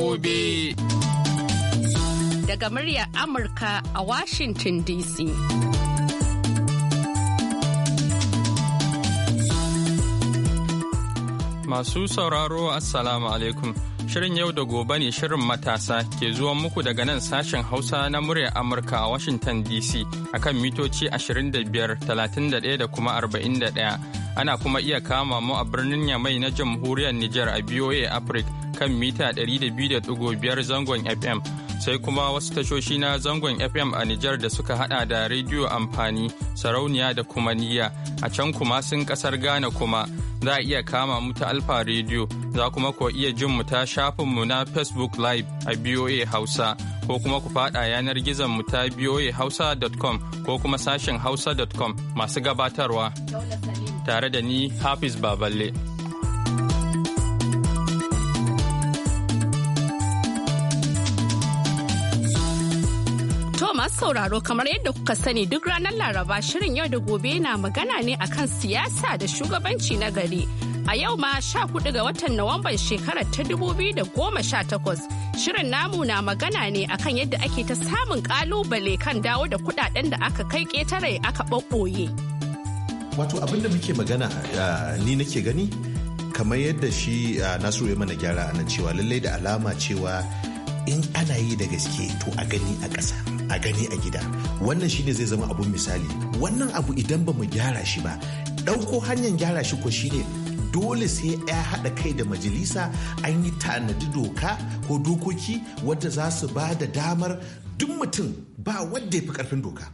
gobe. Daga muryar Amurka a Washington DC. Masu sauraro Assalamu alaikum. Shirin yau da gobe ne shirin matasa ke zuwa muku daga nan sashen Hausa na muryar Amurka a Washington DC akan mitoci 25, 31 da kuma 41. Ana kuma iya kama mu a birnin Yamai na jamhuriyar Nijar a BOA Africa kan mita 200.5 zangon FM sai kuma wasu tashoshi na zangon FM a Nijar da suka hada da rediyo amfani, sarauniya da kuma niyya a can kuma sun kasar Ghana kuma za a iya kama muta Alfa rediyo za kuma ku iya jin mu ta shafinmu na Facebook Live a BOA Hausa ko kuma ku fada yanar gizon mu ta boahausa.com ko kuma sashen hausa.com masu gabatarwa tare da ni Hafiz Baballe. masu sauraro kamar yadda kuka sani duk ranar Laraba shirin yau da gobe na magana ne akan siyasa da shugabanci na gari. A yau ma sha 14 ga watan Nuwamban shekarar ta dubu biyu da goma sha takwas shirin namu na magana ne akan yadda ake ta samun kalubale kan dawo da kudaden da aka kai ketare aka ɓaɓɓoye Wato abinda muke magana ni nake gani kamar yadda shi Nasiru ya mana gyara a nan cewa lallai da alama cewa in ana yi da gaske to a gani a ƙasa. a gani a gida wannan shine zai zama abun misali wannan abu idan ba mu gyara shi ba ɗauko hanyar gyara shi ko shine dole sai ya haɗa kai da majalisa an yi tanadi doka ko dokoki wadda za su ba da damar duk mutum ba wadda ya fi ƙarfin doka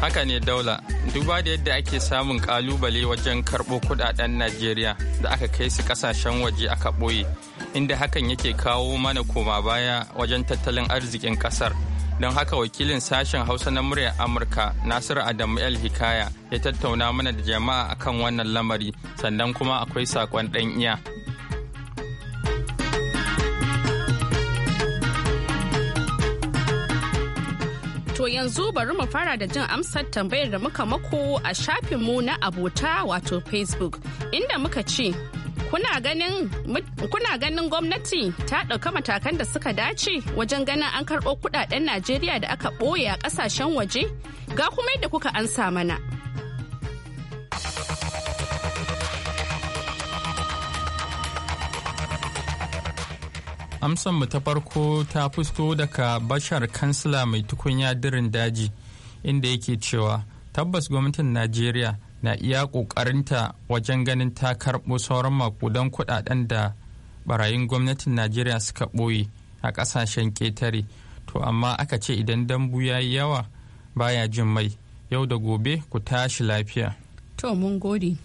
Haka ne daula, duba da yadda ake samun kalubale wajen karɓo kudaden Najeriya da aka kai su kasashen waje aka ɓoye, inda hakan yake kawo mana koma baya wajen tattalin arzikin kasar Don haka wakilin sashen Hausa na muryar Amurka Nasiru Adamu El Hikaya ya tattauna mana da jama'a akan wannan lamari, sannan kuma akwai sakon ɗan iya. yanzu bari mu fara da jin amsar tambayar da muka mako a shafinmu na abota wato Facebook inda muka ce kuna ganin gwamnati ta ɗauka matakan da suka dace wajen ganin an karɓo kudaden Najeriya da aka ɓoye a ƙasashen waje ga kuma yadda kuka ansa mana. amsan mu ta farko ta fusto daga bashar kansila mai tukunya dirin daji inda yake cewa tabbas gwamnatin najeriya na iya kokarinta wajen ganin ta karɓo sauran makudan kudaden da barayin gwamnatin najeriya suka ɓoye a kasashen ƙetare to amma aka ce idan dambu ya yi yawa baya jin mai yau da gobe ku tashi lafiya to mun gode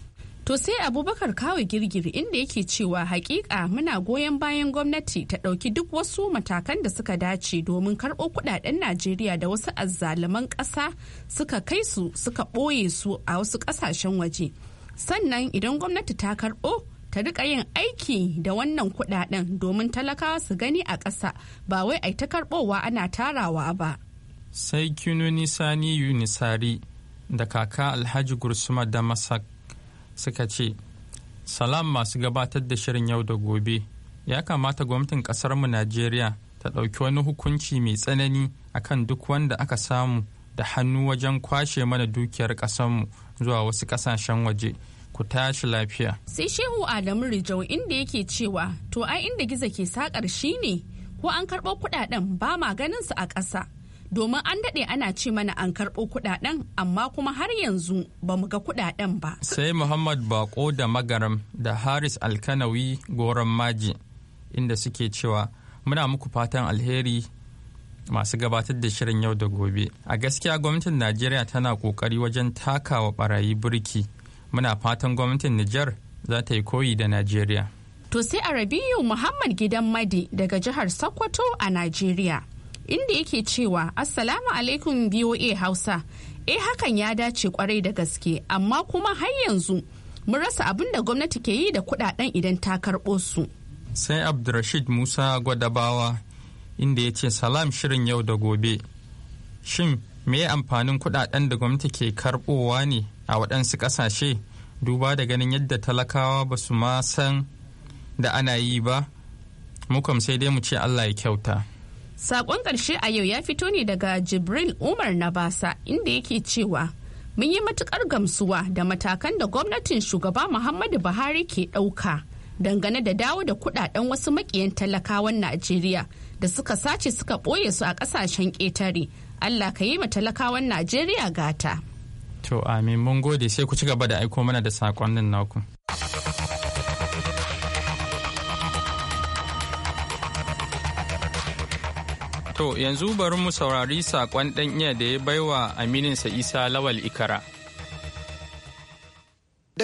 To sai Abubakar kawo girgiri inda yake cewa hakika muna goyon bayan gwamnati ta ɗauki duk wasu matakan da suka dace domin karɓo kudaden Najeriya da wasu azzaluman ƙasa suka kai su suka ɓoye su a wasu ƙasashen waje. Sannan idan gwamnati ta karɓo ta rika yin aiki da wannan kuɗaɗen domin talakawa su gani a ƙasa ba wai ai ta karɓowa ana tarawa ba. Sai Kinuni Sani Yunisari da kaka Alhaji Gursuma Masak suka ce salam masu gabatar da shirin yau da gobe ya kamata gwamnatin kasarmu najeriya ta ɗauki wani hukunci mai tsanani akan duk wanda aka samu da hannu wajen kwashe mana dukiyar ƙasarmu zuwa wasu ƙasashen waje ku tashi lafiya sai shehu adamu rijau inda yake cewa to ai inda giza ke saƙar shi ne ko an karɓo kuɗaɗen ba ma ganin su a ƙasa domin an daɗe ana ce mana an karɓo kuɗaɗen amma kuma har yanzu ba mu ga kuɗaɗen ba. Sai Muhammad Bako da Magaram da Haris Alkanawi goron maji inda suke cewa muna muku fatan alheri masu gabatar da shirin yau da gobe. A gaskiya gwamnatin Najeriya tana ƙoƙari wajen takawa barayi burki Muna fatan gwamnatin Nijar za ta yi koyi da Najeriya. To sai a Rabiu Muhammad Gidan Madi daga jihar Sokoto a Najeriya. inda yake cewa assalamu alaikum voa hausa eh hakan ya dace kwarai da gaske amma kuma har yanzu mun rasa abin da gwamnati ke yi da kudaden idan ta karɓo su sai abdulrashid musa gwadabawa inda ya ce salam shirin yau da gobe shin me amfanin kudaden da gwamnati ke karbowa ne a waɗansu ƙasashe duba da ganin yadda talakawa ba su ma san da ana yi ba mukam sai dai mu ce allah ya kyauta Sakon ƙarshe a yau ya fito ne daga Jibril Umar Nabasa inda yake cewa mun yi matukar gamsuwa da matakan da gwamnatin shugaba Muhammadu Buhari ke ɗauka dangane da dawo da kudaden wasu makiyan talakawan Najeriya da suka sace suka ɓoye su a ƙasashen ƙetare. Allah ka yi ma talakawan Najeriya gata. To amin mun gode sai ku ci gaba da aiko mana da sakonnin naku. To yanzu bari mu saurari saƙon ɗan iya da ya baiwa amininsa Isa Lawal Ikara.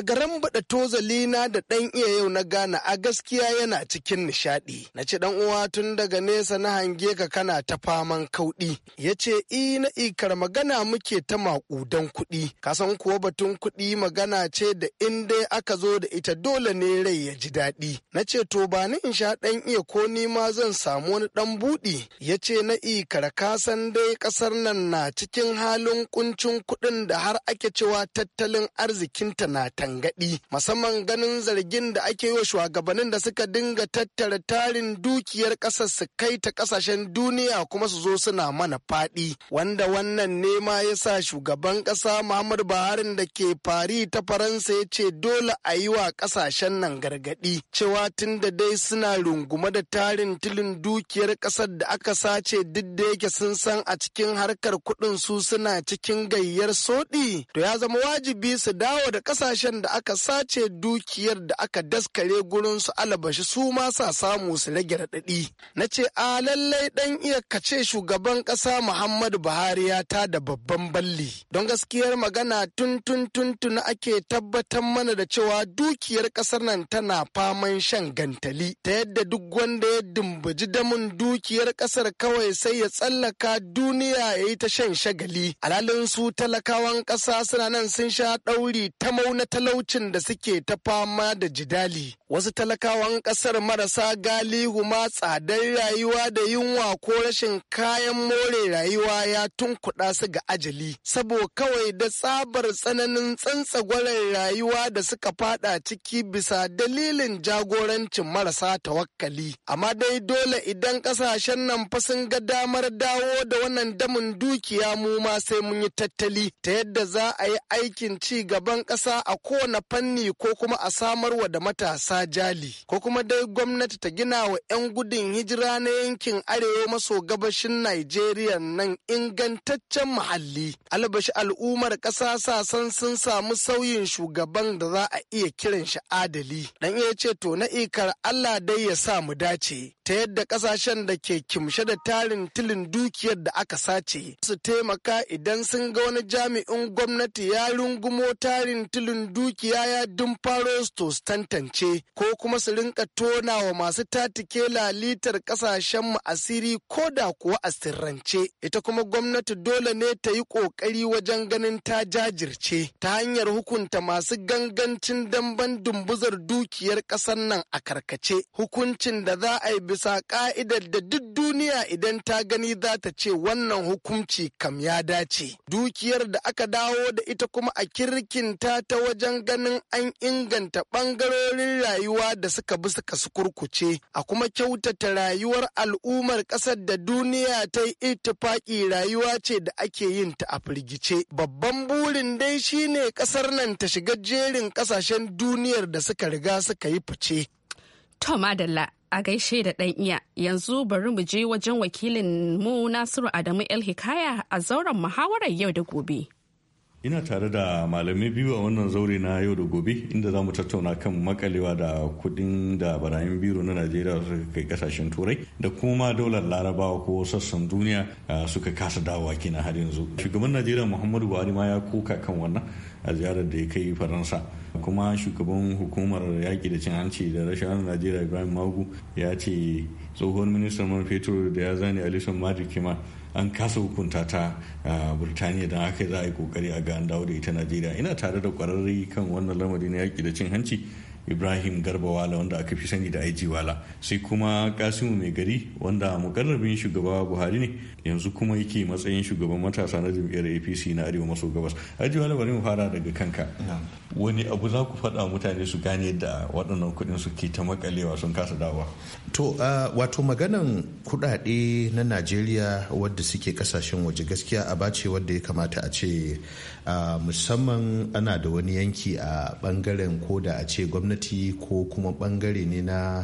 daga rambaɗa tozali na da ɗan iya yau na gana a gaskiya yana cikin nishaɗi. Na ce ɗan uwa tun daga nesa na hange ka kana ta faman kauɗi. Ya ce i na ikar magana muke ta maƙudan kuɗi. Kasan kuwa batun kuɗi magana ce da in dai aka zo da ita dole ne rai ya ji daɗi. Na ce to ba ni in sha ɗan iya ko ni ma zan samu wani ɗan buɗi. Ya ce na ikar kasan dai kasar nan na cikin halin kuncin kuɗin da har ake cewa tattalin arzikinta na tan tangaɗi musamman ganin zargin da ake yi wa shugabannin da suka dinga tattara tarin dukiyar ƙasar su kai ta ƙasashen duniya kuma su zo suna mana faɗi wanda wannan nema ya sa shugaban ƙasa Muhammadu Buhari da ke fari ta Faransa ya ce dole a yi wa ƙasashen nan gargaɗi cewa tun da dai suna rungume da tarin tilin dukiyar ƙasar da aka sace duk da yake sun san a cikin harkar kuɗin su suna cikin gayyar soɗi to ya zama wajibi su dawo da ƙasashen da aka sace dukiyar da aka daskare gurin su alabashi su ma sa samu su rage raɗaɗi. Na ce a lallai ɗan iya kace shugaban ƙasa Muhammadu Buhari ya ta da babban balli. Don gaskiyar magana tun tun tun tun ake tabbatar mana da cewa dukiyar ƙasar nan tana faman shan gantali ta yadda duk wanda ya dumbaji damun dukiyar ƙasar kawai sai ya tsallaka duniya ya yi ta shan shagali. Alhalin su talakawan ƙasa suna nan sun sha ɗauri ta maunata talaucin da suke ta fama da jidali. Wasu talakawan kasar marasa galihu ma tsadar rayuwa da yunwa ko rashin kayan more rayuwa ya tunkuɗa su ga ajali. Sabo kawai da tsabar tsananin tsantsagwarar rayuwa da suka fada ciki bisa dalilin jagorancin marasa tawakkali. Amma dai dole idan kasashen nan fa sun ga damar dawo da wannan damin dukiya mu ma sai mun yi tattali ta yadda za a yi aikin ci gaban ƙasa a kowane fanni ko kuma a samarwa da matasa jali ko kuma dai gwamnati ta gina wa 'yan gudun hijira na yankin arewa maso gabashin Najeriya nan ingantaccen muhalli. Albashi al'ummar ƙasa sasan sun samu sauyin shugaban da za a iya kiran shi adali. Dan iya ce to na ikar Allah dai ya sa mu dace ta yadda ƙasashen da ke kimshe da tarin tilin dukiyar da aka sace su taimaka idan sun ga wani jami'in gwamnati ya rungumo tarin tilin dukiyar dukiya ya dumfaro to su tantance ko kuma su rinka tona wa masu tatike lalitar kasashen mu asiri ko da kuwa a sirrance ita kuma gwamnati dole ne ta yi kokari wajen ganin ta jajirce ta hanyar hukunta masu gangancin damban dumbuzar dukiyar ƙasar nan a karkace hukuncin da za a yi bisa ka'idar da duk duniya idan ta gani za ta ce wannan hukunci kam ya dace dukiyar da aka dawo da ita kuma a kirkinta ta wajen wajen ganin an inganta ɓangarorin rayuwa da suka bi suka sukurkuce a kuma kyautata rayuwar al'ummar ƙasar da duniya ta yi ittifaƙi rayuwa ce da ake yin ta a firgice. Babban burin dai shine ƙasar nan ta shiga jerin ƙasashen duniyar da suka riga suka yi fice. Tom a gaishe da ɗan iya yanzu bari mu je wajen wakilin mu Nasiru Adamu El Hikaya a zauren muhawarar yau da gobe. ina tare da malami biyu a wannan zaure na yau da gobe inda za mu tattauna kan makalewa da kudin da barayin biro na najeriya suka kai kasashen turai da kuma daular larabawa ko sassan duniya suka kasa dawowa kenan har yanzu shugaban najeriya muhammadu buhari ma ya koka kan wannan a ziyarar da ya kai faransa kuma shugaban hukumar yaƙi da cin hanci da rashin najeriya ibrahim magu ya ce tsohon ministan man fetur da ya zane alison madu kima an kasa hukunta ta a burtaniya don haka za a yi kokari a ga an dawo da ita najeriya ina tare da kwararri kan wannan lamari na yaƙi da cin hanci ibrahim garba wala wanda aka fi sani da aiji wala sai kuma kasimu mai gari wanda mukarrabin shugaba buhari ne yanzu kuma yake matsayin shugaban matasa na jam'iyyar apc na arewa maso gabas aiji wala bari mu fara daga kanka wani abu za ku faɗa mutane su gane da waɗannan kuɗin su ke ta makalewa sun kasa dawa To uh, wato maganan kudade na Najeriya wadda suke kasashen waje gaskiya a bace wadda ya kamata a ce uh, musamman ana da wani yanki a uh, bangaren ko da a ce gwamnati ko kuma bangare ne na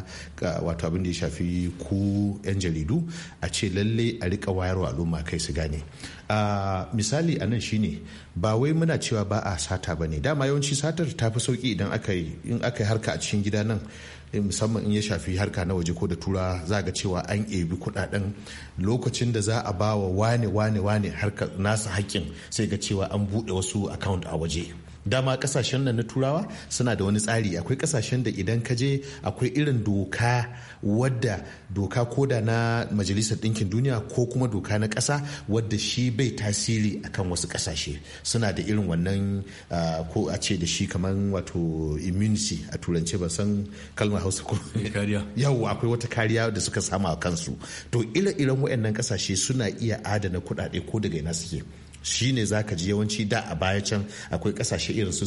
wato abin da ya shafi ku 'yan jaridu a ce lalle a rika wayarwa al'umma kai su gane. Uh, misali a nan shine ba wai muna cewa ba a sata ba ne dama yawanci satar ta fi sauki idan aka yi harka a cikin gida nan Eh, musamman in ya shafi harka na waje ko da tura za ga cewa an ebi kudaden lokacin da za a ba wa wane wane wane harka nasa hakkin sai ga cewa an buɗe wasu account a waje dama kasashen nan na turawa suna da wani tsari akwai kasashen da idan ka je akwai irin doka wadda doka koda na majalisar ɗinkin duniya ko kuma doka na ƙasa wadda shi bai tasiri akan wasu kasashe suna da irin wannan ko a ce da shi kamar wato immunity a turance ba san kalmar hausa ko yau akwai wata kariya da suka samu a kansu to ire-iren waɗannan kasashe suna iya adana kuɗaɗe ko daga ina suke shine za ka ji yawanci da a baya can akwai kasashe irin su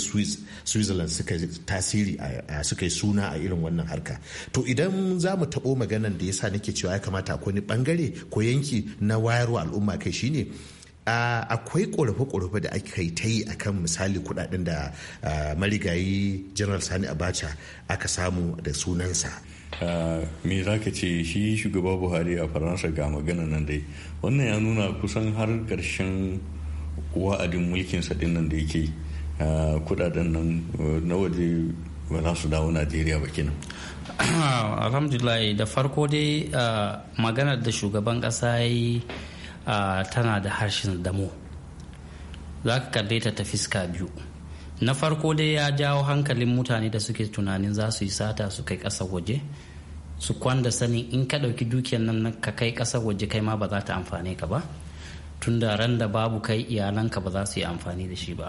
switzerland suka tasiri suka yi suna a irin wannan harka to idan za mu taɓo maganan da ya yasa nake cewa ya kamata akwai wani bangare ko yanki na wayarwa al'umma kai shine akwai korafe-korafe da aka yi ta yi akan misali kuɗaɗen da marigayi general sani abacha aka samu da sunansa me za ka ce shi shugaba buhari a faransa ga magana nan dai wannan ya nuna kusan har karshen. wa'adin mulkinsa din nan da yake ah, kudaden nan eh, na waje ba za su dawo najeriya ba kenan ah, alhamdulillah da farko dai ah, maganar da shugaban kasa yi tana da harshen damo za ka kalle ta ta fiska biyu na farko dai ya jawo hankalin mutane da suke tunanin za su yi sata su kai ƙasa waje su kwanda sanin in ka ɗauki dukiyan nan ka kai ƙasa waje kai ma ba za ta amfane ka ba tun da ran da babu kai iyalanka ba za su yi amfani da shi ba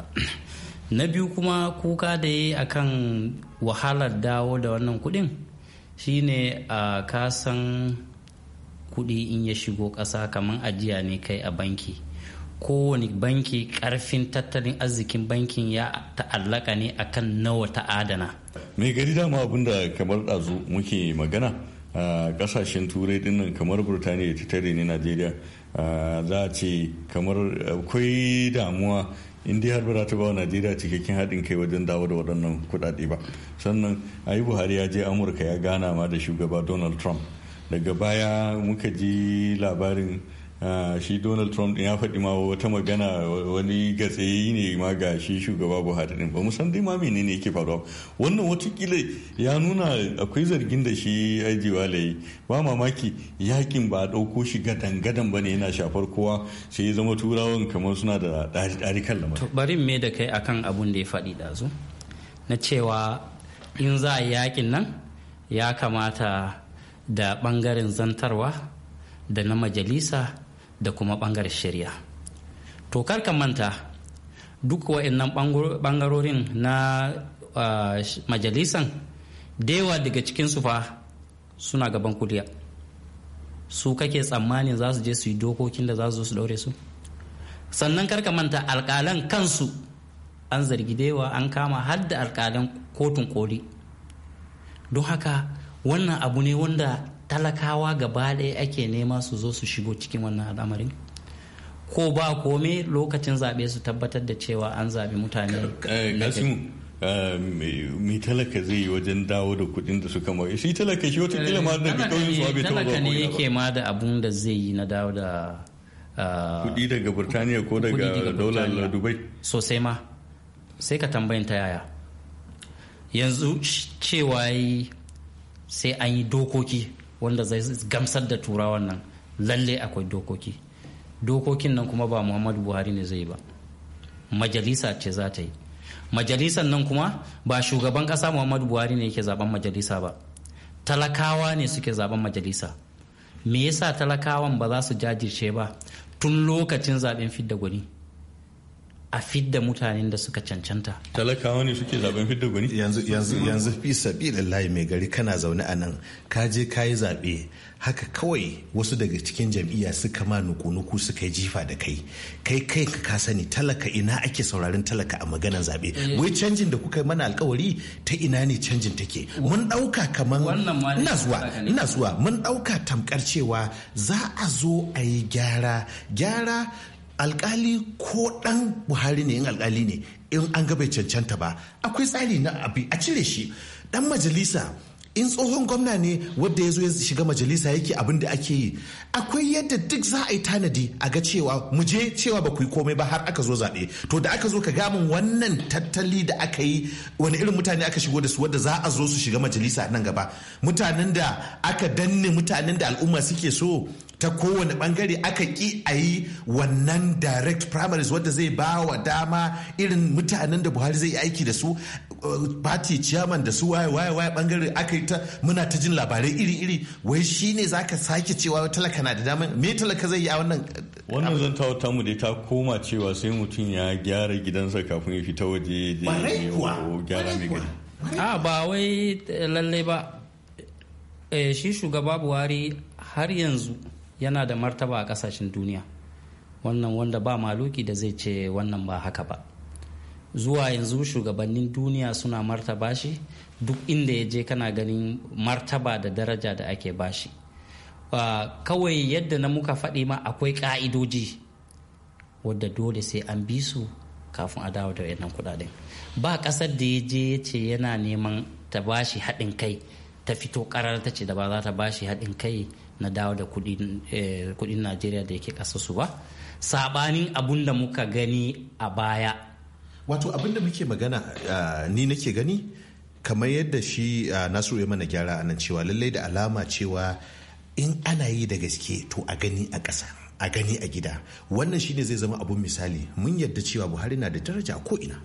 na biyu kuma kuka da ya yi kan wahalar dawo da wannan kudin shine a kasan kudi in ya shigo kasa kamar ajiya ne kai a banki kowane banki karfin tattalin arzikin bankin ya ta'allaka ne akan nawa ta adana mai gari dama abinda kamar ɗazu muke magana a kasashen turai dinnan kamar burtaniya ta tare ne najeriya za a ce kamar akwai damuwa indiya har ba za ta ba najeriya cikakken haɗin kai wajen dawo da waɗannan kuɗaɗe ba sannan ayi buhari ya je amurka ya gana ma da shugaba donald trump daga baya muka ji labarin Ah, shi donald trump ya faɗi ma wata magana wani gatsayi ne ma ga shi shugaba buhari din ba san dai ma ne yake faruwa wannan watakila ya nuna akwai zargin da shi aji layi ba mamaki yakin ba a ɗauko shi gadan-gadan ba ne yana shafar kowa sai ya zama turawan kamar suna da ɗarikar kan to bari me da kai akan abun da ya faɗi ɗazu na cewa in za a yakin nan ya kamata da ɓangaren zantarwa da na majalisa da kuma bangaren shari'a to karka manta duk wa'annan bangarorin na majalisan dewa daga cikinsu fa suna gaban kuliya su kake tsammanin za su je su yi dokokin da za su zo su daure su sannan karka manta alkalan kansu an zargi dewa an kama har da alkalan kotun koli don haka wannan abu ne wanda talakawa gaba ɗaya ake nema su zo su shigo cikin wannan al'amarin ko ba kome lokacin zaɓe su tabbatar da cewa an zaɓi mutane eh, mai eh, talaka zai yi wajen dawo da kuɗin da suka mawa shi talaka shi watakila ma daga eh, kauyen su abin taɓa talaka ne yake ma da abun da zai yi na dawo da ah, kudi daga burtaniya ko daga daular dubai sosai ma sai ka tambayin ta yaya yanzu cewa sai an yi dokoki wanda zai gamsar da turawan nan lalle akwai dokoki dokokin nan kuma ba muhammadu buhari ne zai ba majalisa ce za ta yi majalisan nan kuma ba shugaban kasa muhammadu buhari ne yake zaben majalisa ba talakawa ne suke zaben majalisa me yasa talakawan ba za su jajirce ba tun lokacin zaben fidda gwani a fidda mutanen da suka cancanta. Talakawa ne suke zaben fidda gwani? Yanzu yanzu yanzu fi sabi lallahi mai gari kana zaune a nan ka je ka yi zaɓe haka kawai wasu daga cikin jam'iyya suka ma nuku-nuku suka yi jifa da kai kai kai ka sani talaka ina ake sauraron talaka a maganar zaɓe eh. wai canjin da kuka yi mana alkawari ta ina ne canjin take mun ɗauka kamar ina zuwa ina zuwa mun ɗauka tamkar cewa za a zo a yi gyara gyara alkali ko dan buhari ne yin alkali ne in an ga bai cancanta ba akwai tsari na abi a cire shi dan majalisa in tsohon gwamna ne wadda ya zo ya shiga majalisa yake abin da ake yi akwai yadda duk za a yi tanadi a ga cewa mu je cewa ba ku yi komai ba har aka zo zaɓe to da aka zo ka ga mun wannan tattali da aka yi wani irin mutane aka shigo da su wadda za a zo su shiga majalisa nan gaba mutanen da aka danne mutanen da al'umma suke so ta kowane bangare aka ki a yi wannan direct primaries wadda zai ba wa dama irin mutanen da buhari zai aiki da su uh, party chairman da su waye waye waye bangare aka yi ta muna ta jin labarai iri iri wai shine zaka sake cewa talaka na da dama me talaka zai yi a wannan uh, wannan zan ta mu da ta koma cewa sai mutum ya gyara gidansa kafin ya fita waje da gyara mai gari a ah, ba wai eh, lallai ba eh, shi shugaba buhari har yanzu yana da martaba a kasashen duniya wannan wanda ba maluki da zai ce wannan ba haka ba zuwa yanzu shugabannin duniya suna martaba shi duk inda ya je kana ganin martaba da daraja da ake bashi kawai yadda na muka faɗi ma akwai ƙa'idoji wadda dole sai an bi su kafin a dawo da wannan kudaden ba ƙasar da ya je ya ce yana neman ta bashi haɗin kai ta fito ƙarar ta ce da ba za ta bashi haɗin kai na dawo da eh, kudin najeriya da yake kasa su ba sabanin abun da muka gani a baya wato abin da muke magana ah, ni nake gani kamar yadda shi ah, nasiru ya mana gyara anan cewa lallai da alama cewa in ana yi da gaske to a gani a ƙasa a gani a gida wannan shine zai zama abun misali mun yadda cewa buhari na da daraja ko ina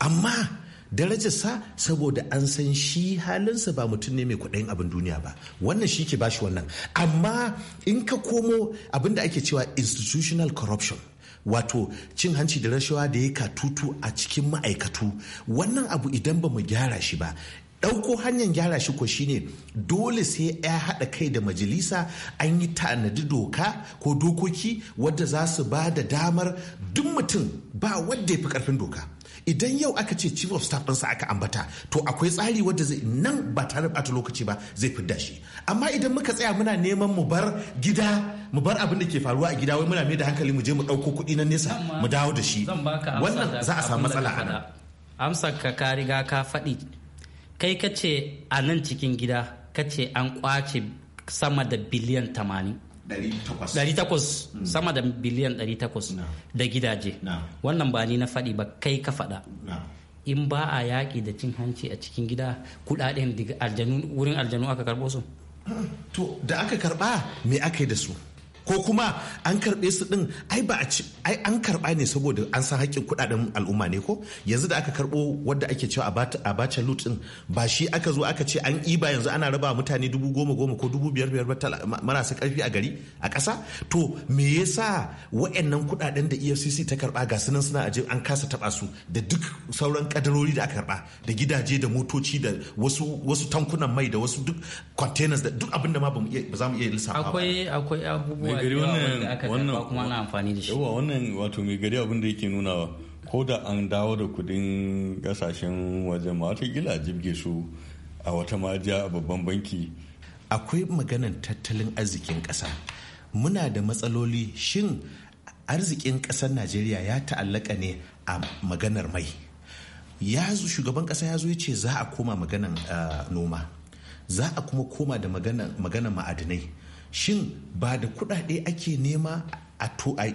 amma sa saboda an san shi halinsa ba mutum ne mai kwaɗayin abin duniya ba wannan shi ke bashi wannan amma in ka komo abin da ake cewa institutional corruption wato cin hanci da rashawa da ya ka tutu a cikin ma'aikatu wannan abu idan ba mu gyara shi ba ɗauko hanyar gyara shi ko shine dole sai ya haɗa kai da majalisa an yi tanadi doka ko dokoki wadda za su ba da damar duk mutum ba wadda ya fi ƙarfin doka idan yau aka ce chief of staff ɗinsa aka ambata to akwai tsari wadda zai nan ba tare da lokaci ba zai fidda shi amma idan muka tsaya muna neman mu bar gida mu bar abin da ke faruwa a gida wai muna mai da hankali mu je mu ɗauko kuɗi na nesa mu dawo da shi wannan za a samu matsala a nan amsar ka ka riga ka faɗi kai ka ce a nan cikin gida ka ce an kwace sama da biliyan tamanin 800 hmm. sama da biliyan 800 da gidaje wannan ba ni na faɗi ba kai ka faɗa in ba a yaƙi da cin hanci a cikin gida kuɗaɗen daga wurin aljanu aka karɓo su to da aka karɓa me aka yi da su ko kuma an karɓe su ɗin ai ba a ci ai an karɓa ne saboda an san haƙƙin kuɗaɗen al'umma ne ko yanzu da aka karɓo wadda ake cewa a bacha loot ɗin ba shi aka zo aka ce an iba yanzu ana raba mutane dubu goma goma ko dubu biyar biyar marasa ƙarfi a gari a ƙasa to me yasa wa'annan kuɗaɗen da efcc ta karɓa ga sunan suna aje an kasa taɓa su da duk sauran kadarori da aka karɓa da gidaje da motoci da wasu wasu tankunan mai da wasu duk containers da duk abin da ma ba za mu iya lissafa akwai akwai abubuwa gari wannan da wannan wato mai gari abin da yake nunawa ko da an dawo da kudin kasashen wajen ma gila jibge su a wata majiya a babban banki akwai maganan tattalin arzikin kasa muna da matsaloli shin arzikin ƙasar najeriya ya ta'allaka ne a maganar mai ya shugaban kasa ya zo ya ce za a koma maganan ah, noma za a kuma koma da maganan ma'adinai shin ba da kuɗaɗe ake nema a yi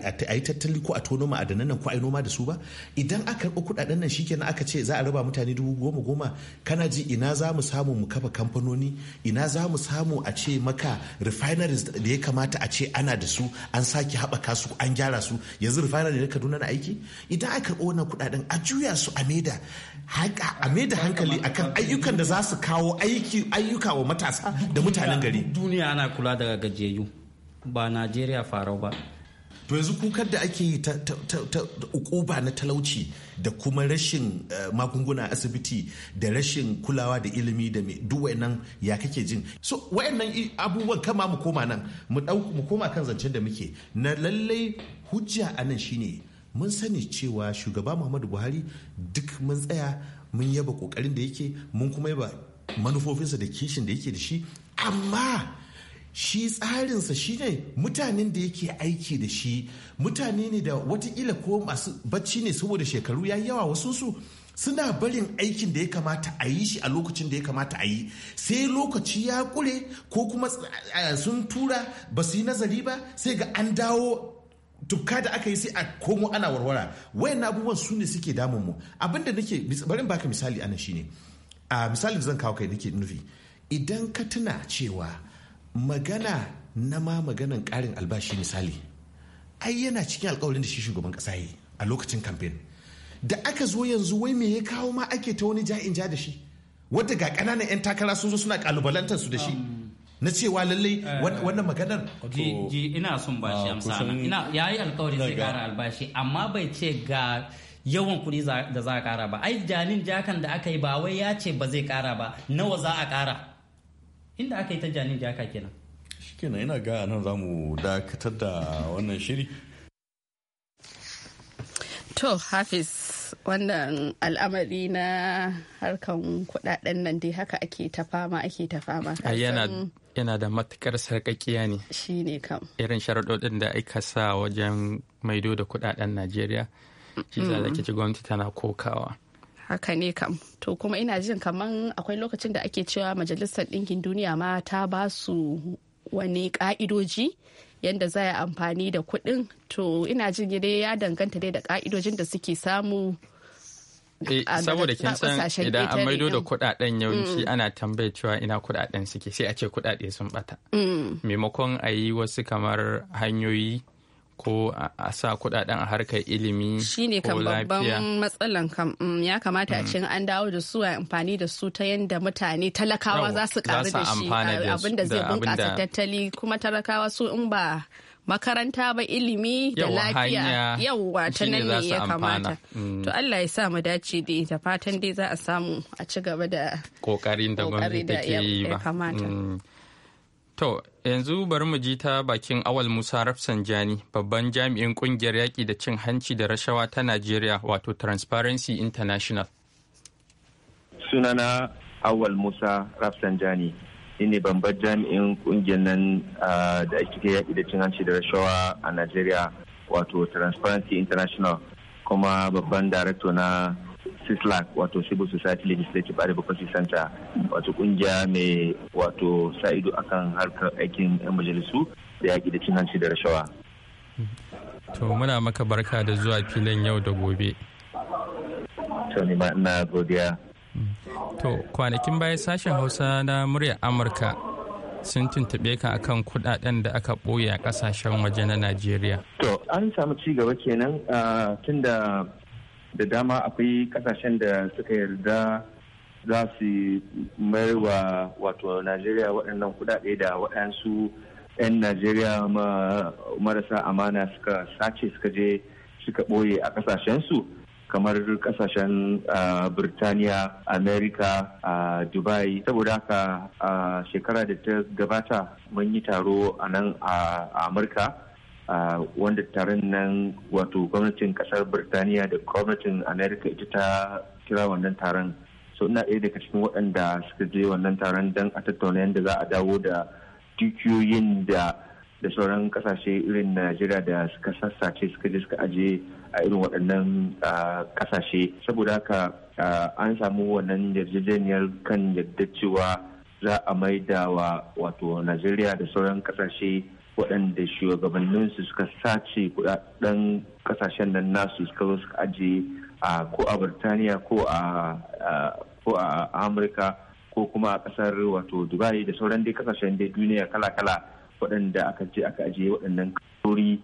tattali ko a tono ma'adanan nan ko a yi noma da su ba idan a karɓi kuɗaɗen nan shikenan aka ce za a raba mutane dubu goma goma kana ji ina za mu samu mu kafa kamfanoni ina za mu samu a ce maka refineries da ya kamata a ce ana da su an sake haɓaka su an gyara su yanzu refinery na kaduna na aiki idan aka karɓi wannan kuɗaɗen a juya su a maida a maida hankali akan ayyukan da za su kawo aiki ayyuka wa matasa da mutanen gari duniya ana kula daga gajiyayyu ba najeriya farau ba to yanzu kukar da ake yi ta ukuba na talauci da kuma rashin eh, magunguna asibiti da rashin kulawa da ilimi da duk nan ya kake jin so wayannan abubuwan kama mu koma nan mu koma kan zancen da muke na lallai hujja a nan shine mun sani cewa shugaba muhammadu buhari duk mun tsaya mun yaba kokarin da yake mun kuma yaba manufofinsa da kishin da yake da shi amma shi tsarinsa shine mutanen da yake aiki da shi mutane ne da watakila ko masu bacci ne saboda shekaru ya yawa wasu su suna barin aikin da ya kamata a yi shi a lokacin da ya kamata a yi sai lokaci ya kure ko kuma sun tura ba su yi nazari ba sai ga an dawo tukka da aka yi sai a komo ana warwara wayan abubuwan su ne suke damun mu abinda nake bari baka misali ana shine a misali zan kawo kai nake nufi idan ka tuna cewa magana na ma maganan karin albashi misali ai yana cikin alkawarin da shi shugaban ƙasa yi a lokacin kamfen da aka zo yanzu wai me ya kawo ma ake ta wani ja'in ja da shi wadda ga kananan 'yan takara sun zo suna kalubalantar su da shi na cewa lallai eh. wannan maganar ji ina son bashi ah, amsa ina yayi alkawarin zai kara albashi amma bai ce ga yawan kuɗi da za a kara ba ai janin jakan da aka yi ba wai ya ce ba zai kara ba nawa za a kara inda aka yi ta janin jaka kenan shikenan ina ga nan za mu dakatar da wannan shiri to hafiz wannan al'amari na harkan kudaden nan dai haka ake ta fama ake ta fama yana da matukar sarkakiya ne shi ne kam irin sharaɗoɗin da aka sa wajen maido da kudaden najeriya shi za da mm. ci gwamnati tana kokawa haka ne kam to kuma ina jin kaman akwai lokacin da ake cewa majalisar ɗinkin duniya ma ta ba su wani ka'idoji yadda za a amfani da kuɗin to ina jin dai ya danganta dai da ka'idojin da suke samu eh, saboda kin san idan an maido da kudaden yawanci mm. ana tambayar cewa ina kudaden suke sai a ce kudade sun bata mm. maimakon a yi wasu kamar hanyoyi ko a sa kudaden a harkar ilimi ne kan babban matsalan kam mm, ya kamata a mm. cin an dawo da su a amfani da su ta yadda mutane talakawa za su karu da shi abinda zai bunkasa tattali kuma talakawa su in ba makaranta ba ilimi da lafiya yauwa ta nan ne ya kamata mm. to Allah ya sa mu dace da ita fatan dai za a samu a ci gaba da kokarin da gwamnati take yi ba To, yanzu bari mu ji ta bakin awal Musa Rafsanjani, babban jami'in kungiyar yaƙi da cin hanci da rashawa ta Najeriya, wato Transparency International. Sunana awal Musa Rafsanjani, ni ne babban jami'in kungiyar nan da ake yaƙi da cin hanci da rashawa a Najeriya, wato Transparency International, kuma babban darakto na CISLAC wato Civil Society Legislative Advocacy Center wato kungiya mai wato sa ido akan harkar aikin 'yan majalisu da yaƙi da cin hanci da rashawa. To muna maka barka da zuwa filin yau da gobe. To ni ma ina godiya. To kwanakin baya sashen Hausa na muryar Amurka sun tuntuɓe ka akan kuɗaɗen da aka ɓoye a ƙasashen waje na Najeriya. To an samu ci gaba kenan ah, tun da da dama akwai kasashen da suka yarda za su mayar wa wato najeriya waɗannan kuɗaɗe da waɗansu 'yan najeriya marasa amana suka sace suka je suka ɓoye a su kamar ƙasashen birtaniya amerika a dubai saboda haka shekara da ta gabata mun yi taro a nan a amurka wanda taron nan wato gwamnatin kasar birtaniya da gwamnatin america ita ta kira wannan taron so ina ɗaya daga cikin waɗanda suka je wannan taron don a tattauna yadda za a dawo da dukiyoyin da da sauran kasashe irin najeriya da suka sassace suka je suka aje a irin waɗannan kasashe saboda haka an samu wannan yarjejeniyar kan yadda cewa za a maida wa wato najeriya da sauran kasashe waɗanda shugabannin su suka sace kudaden kasashen nan nasu suka zo suka ajiye a ko a birtaniya ko a ko amurka ko kuma a ƙasar wato dubai da sauran dai kasashen dai duniya kala-kala waɗanda aka je aka ajiye waɗannan kasori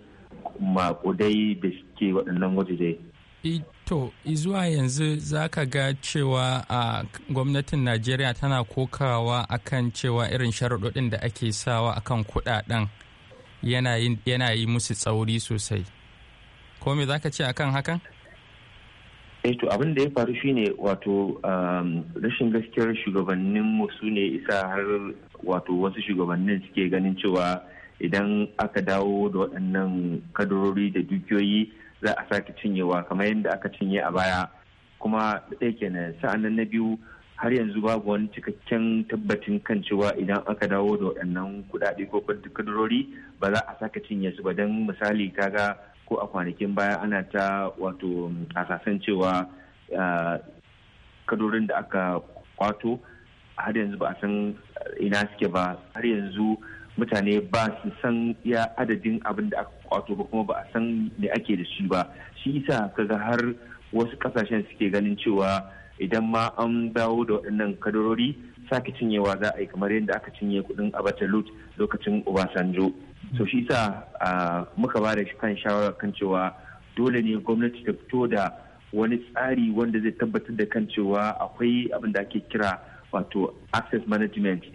kudai da suke waɗannan wajeje. To, zuwa yanzu za ka ga cewa a gwamnatin Najeriya tana kokawa akan cewa irin sharaɗoɗin da ake sawa akan kuɗaɗen yana yi musu tsauri sosai ko me za ka ce akan hakan eh abin da ya faru shine wato um, rashin gaskiyar shugabanninmu su ne isa har wato wasu shugabannin suke ganin cewa idan aka dawo da waɗannan kadarori da dukiyoyi za a sake cinyewa kamar yadda aka cinye a baya kuma ɗaya kenan sa'an na biyu har yanzu babu wani cikakken tabbatin kan cewa idan aka dawo da waɗannan kuɗaɗe ko kadurori ba za a saka cinye su ba don misali kaga ko a kwanakin baya ana ta wato asasan cewa kadurorin da aka kwato har yanzu ba a san ina suke ba har yanzu mutane ba su san ya adadin abin da aka kwato ba kuma ba a san me ake da shi ba shi isa kaga har wasu kasashen suke ganin cewa idan ma an dawo da waɗannan kadarori sake cinyewa za a yi kamar yadda aka cinye kuɗin bata lut lokacin obasanjo so shi sa muka ba da kan shawara kan cewa dole ne gwamnati ta fito da wani tsari wanda zai tabbatar da kan cewa akwai abin da ake kira wato access management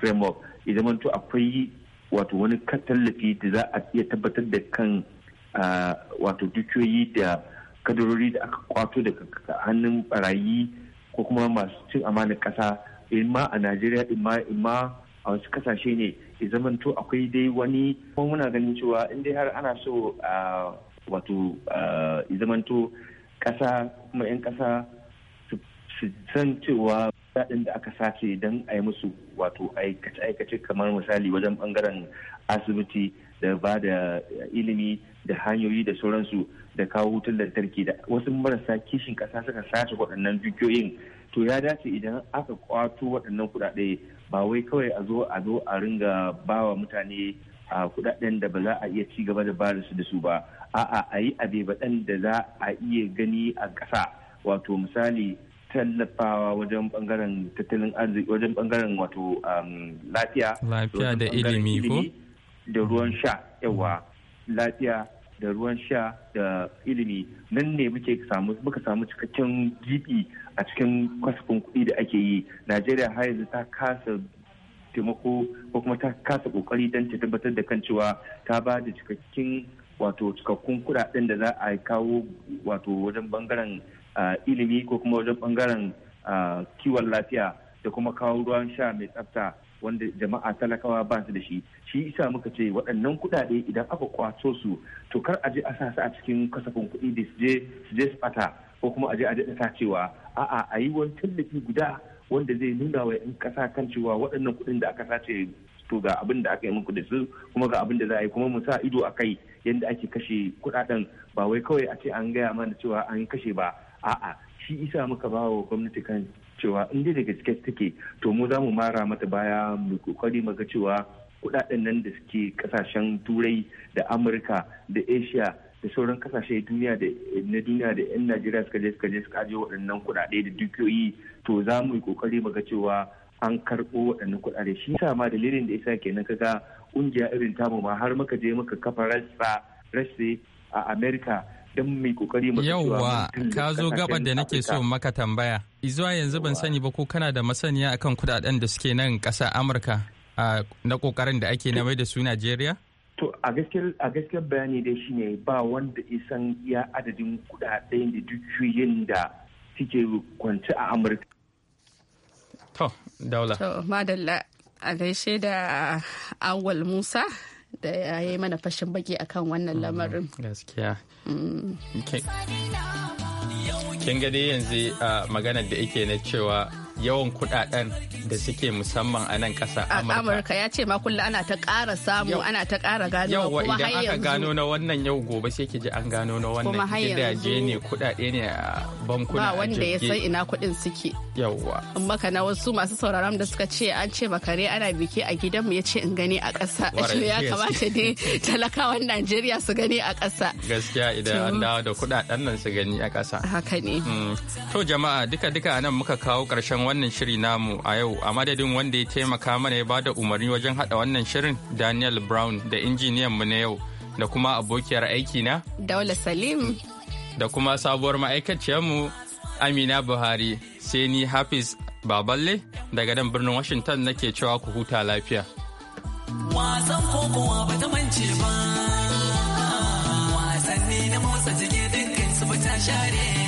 framework idan manto akwai wato wani tallafi da za a iya tabbatar da kan wato dukiyoyi da kadarori da aka kwato daga hannun barayi ko kuma masu cin amanar ƙasa in ma a najeriya in ma a wasu kasashe ne ya zamanto akwai dai wani kuma muna ganin cewa in dai har ana so wato ya zamanto ƙasa kuma 'yan ƙasa su san cewa daɗin da aka sace don a yi musu wato aikace-aikace kamar misali wajen ɓangaren asibiti da ba da ilimi da hanyoyi da sauransu da kawo wutar lantarki da wasu marasa kishin ƙasa suka sace waɗannan dukiyoyin to ya dace idan aka kwato waɗannan kuɗaɗe ba wai kawai a zo a zo a ringa bawa mutane a kuɗaɗen da ba za a iya ci gaba da bada su da su ba a'a a yi baɗan da za a iya gani a ƙasa wato misali tallafawa wajen bangaren tattalin arziki wajen bangaren wato um, lafiya lafiya da ilimi ko da ruwan sha yawa lafiya da ruwan sha da ilimi nan ne muke samu muka samu cikakken gibi a cikin kasafin kuɗi da ake yi najeriya har yanzu ta kasa taimako ko kuma ta kasa kokari don ta tabbatar da kan cewa ta ba da cikakken wato cikakkun kuɗaɗen da za a kawo wato wajen bangaren ilimi ko kuma wajen bangaren kiwon lafiya da kuma kawo ruwan sha mai tsafta wanda jama'a talakawa ba su da shi shi isa muka ce waɗannan kuɗaɗe idan aka kwato su to kar a je a sa su a cikin kasafin kuɗi da su je su je ko kuma a je a daɗa cewa a'a a yi wani tallafi guda wanda zai nuna wa 'yan ƙasa kan cewa waɗannan kuɗin da aka sace to ga abin da aka yi muku da su kuma ga abin da za a yi kuma mu sa ido a kai yadda ake kashe kuɗaɗen ba wai kawai a ce an gaya mana cewa an kashe ba a'a shi isa muka ba wa gwamnati kan cewa in dai da gaske take to mu za mu mara mata baya mu kokari maga cewa kudaden nan da suke kasashen turai da amurka da asia da sauran kasashe duniya da na duniya da yan najeriya suka je suka je suka aje waɗannan kuɗaɗe da dukiyoyi to za mu yi kokari mu ga cewa an karɓo waɗannan kuɗaɗe shi sa ma dalilin da isa kenan kaga ƙungiya irin tamu ma har muka je muka kafa rasa a america don mai kokari mu yauwa ka zo gaba da nake so maka tambaya izuwa yanzu ban sani ba ko kana da masaniya akan kudaden da suke nan kasa amurka na kokarin da ake na mai da su najeriya to a gaskiyar bayani dai shine ba wanda isan ya adadin kudaden da yin da suke kwanci a amurka to daula to madalla a gaishe da awal musa da ya yi mana fashin baki a kan wannan mm-hmm. lamarin gaskiya mm. kin ga yanzu a ah, maganar da ike na cewa yawan kudaden da suke musamman a nan kasa amurka Amurka ya ce ma kullum ana ta ƙara samu ana ta ƙara gano kuma idan aka gano na wannan yau gobe sai ki ji an gano na wannan je ne kudade ne a bankuna ba wanda ya san ina kudin suke yawwa in maka na wasu masu sauraron da suka ce an ce makare ana biki a gidan mu ya ce in gani a ƙasa ya kamata ne talakawan najeriya su gani a ƙasa gaskiya idan an dawo da kudaden nan su gani a ƙasa haka ne mm. to jama'a duka duka nan muka kawo ƙarshen wannan shiri namu a yau a madadin wanda ya taimaka mana ya bada umarni wajen hada wannan shirin Daniel Brown da injiniyan mu na yau da kuma abokiyar aiki na Daula Salim da kuma sabuwar ma'aikaciyar mu Amina Buhari sai ni Hafiz Baballe daga nan birnin Washington nake cewa ku huta lafiya. Wasan kokowa ba ta mance ba, wasanni na motsa jike su share.